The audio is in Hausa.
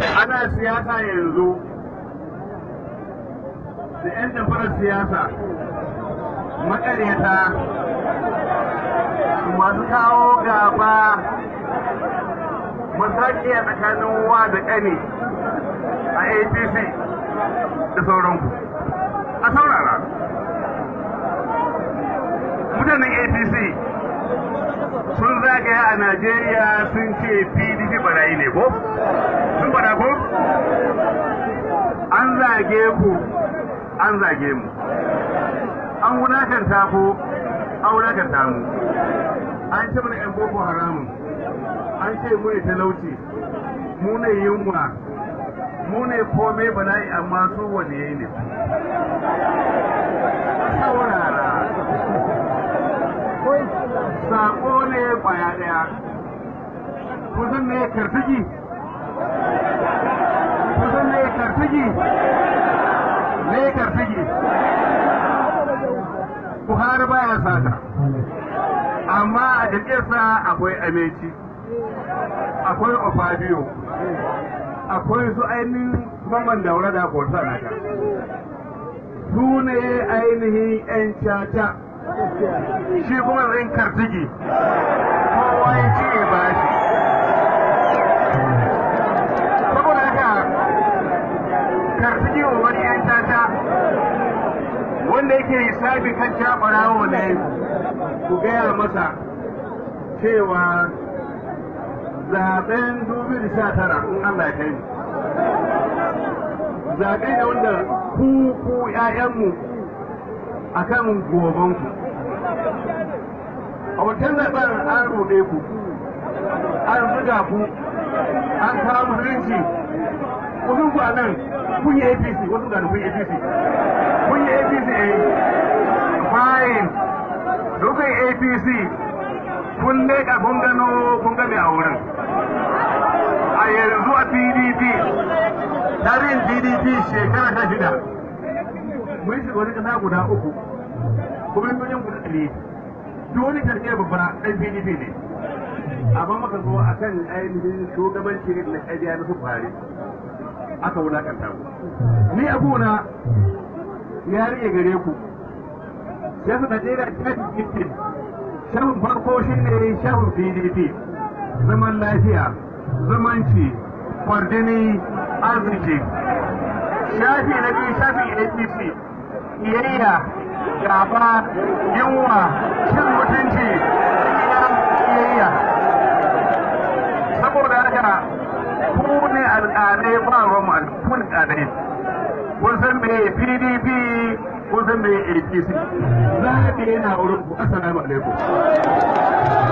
ana siyasa yanzu da 'yan dafarar siyasa makaryata masu kawo gaba masakiya tsakanin wa da ƙane a apc da sauranku a saurara mutanen apc sun zagaya a najeriya sun ce pdp barayi ne ko? zage ku an zage mu an wulakanta ku an wulakanta mu an ce mana yan boko haramun an ce mu ne talauci mu ne yunwa mu ne komai bala'i amma su wani yayi ne saurara sako ne kwaya daya kusan ne karfiji kusan ne karfiji me karfige buhari baya sata amma a jam'iyyarsa akwai ameci akwai ofabiyo akwai su ainihin maman daura da kota na ta su ne ainihin 'yan caca shi kuma zai kartigi kowa ya ce ba shi wanda yake hisabi kan jabarawo ne ku gaya masa cewa zaben 2019 in Allah ya kai zaɓe ne wanda ku ku ‘ya'yanmu a kan gobanku a wancan zaɓen an ruɗe ku an buga ku an kawo musulunci wasu ku a nan kun yi apc wasu ga kun apc ne ka kun gano kun gane a wurin a yanzu a pdp tarin pdp shekara ta shida mun shiga wani kasa guda uku gwamnatocin guda ne dole karkiyar babbara ɗan pdp ne amma maka zo a kan ainihin shugabanci na ƙarya na su fari aka kan ku ni a yari ya gare ku ya su Najeriya ta jikin shafin farko shi ne shafin pdp zaman lafiya zamanci, kwardini arziki shafi na biyu shafin apc iyayya gaba yunwa cin mutunci iyayya saboda haka ku ne al'adai ba ruwan al'adai kun san me pdp kun san me APC zaɓe yana wurin ku assalamu alaikum